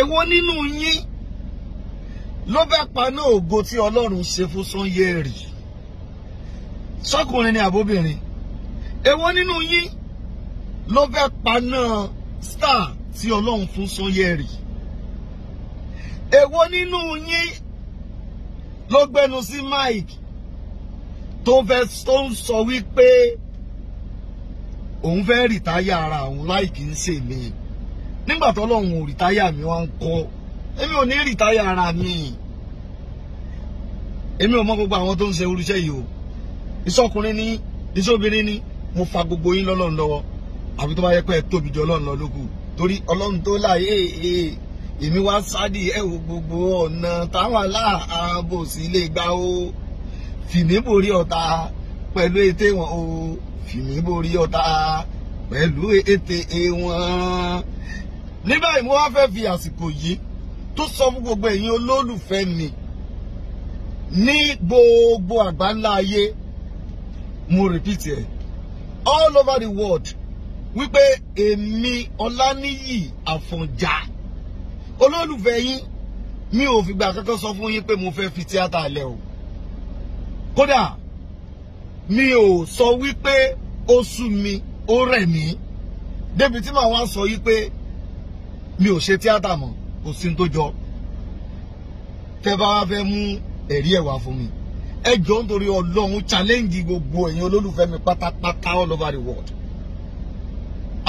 èwo nínú yín ló fẹ́ paná ògo tí ọlọ́run ṣe fún Sanyẹ̀rì sọ́kùnrin ni àbóbìnrin èwo nínú yín ló fẹ́ paná star tí ọlọ́run fún Sanyẹ̀rì èwo nínú yín ló gbẹnu sí Mike tó fẹ́ tó ń sọ wípé òun fẹ́ rìtáyà ara òun láì kí ń ṣèmí nígbà tó lọ́hùn ò rìtáyà mi wá ń kọ́ èmi ò ní rìtáyà ara mi èmi ò mọ gbogbo àwọn tó ń ṣe irúṣẹ́ yìí o ìṣọkùnrin ní ìṣobìnrin ní mo fa gbogbo yín lọ́lọ́run lọ́wọ́ àbí tó bá yẹ pé ẹ tóbi jọ ọlọ́run lọ lókù torí ọlọ́run tó láàyè èè èmi wá sádì ẹ wo gbogbo ọ̀nà táwọn aláàbò sí lè gbà ó fìmí borí ọ̀tá pẹ̀lú ète wọn o fìmí borí ọ̀tá pẹ̀lú ète wọn ní báyìí mo wá fẹ́ fi àsìkò yìí tó sọ fún gbogbo ẹ̀yin olólùfẹ́ mi ní gbogbo àgbáńlá ayé mo repeat ẹ̀ all over the world wípé èmi ọláníyì àfọ̀njá olólùfẹ́ yín mi ò fìgbà kankan sọ fún yín pé mo fẹ́ fi tíátà lẹ̀ o kódà mi ò sọ wípé ó sú mi ó rẹ̀ mí débi tí màá wá sọ yí pé mi ò ṣe tíátà mọ́ kò sí tó jọ tẹ́ bá wá fẹ́ mú ẹ̀rí ẹ̀wà fún mi ẹ jọ nítorí ọlọ́run challenge gbogbo ẹ̀yin olólùfẹ́ mi pátápátá all over the world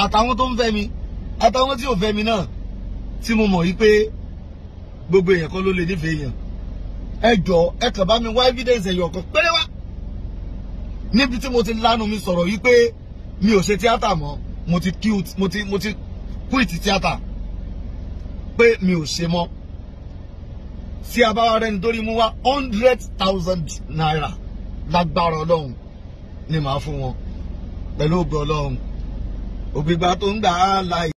àtàwọn tó ń fẹ́ mi àtàwọn tí ò fẹ́ mi náà tí mo mọ̀ yí pé gbogbo èèyàn kan ló lè nífẹ̀ẹ́ èèyàn ẹ jọ ẹ kàn bá mi wá evidence ẹ̀yọ̀ kan péré wá níbi tí mo ti lánàá mi sọ̀rọ̀ yí pé mi ò ṣe tíátà mọ́ mo ti quit tíátà pé mi ò ṣe mọ́ tí a bá wá rẹ́ni tó rí mú wá hundred thousand naira lágbára ọlọ́run ni màá fún wọn pẹ̀lú ògbó ọlọ́run ògbìgbà tó ń gbà á láì.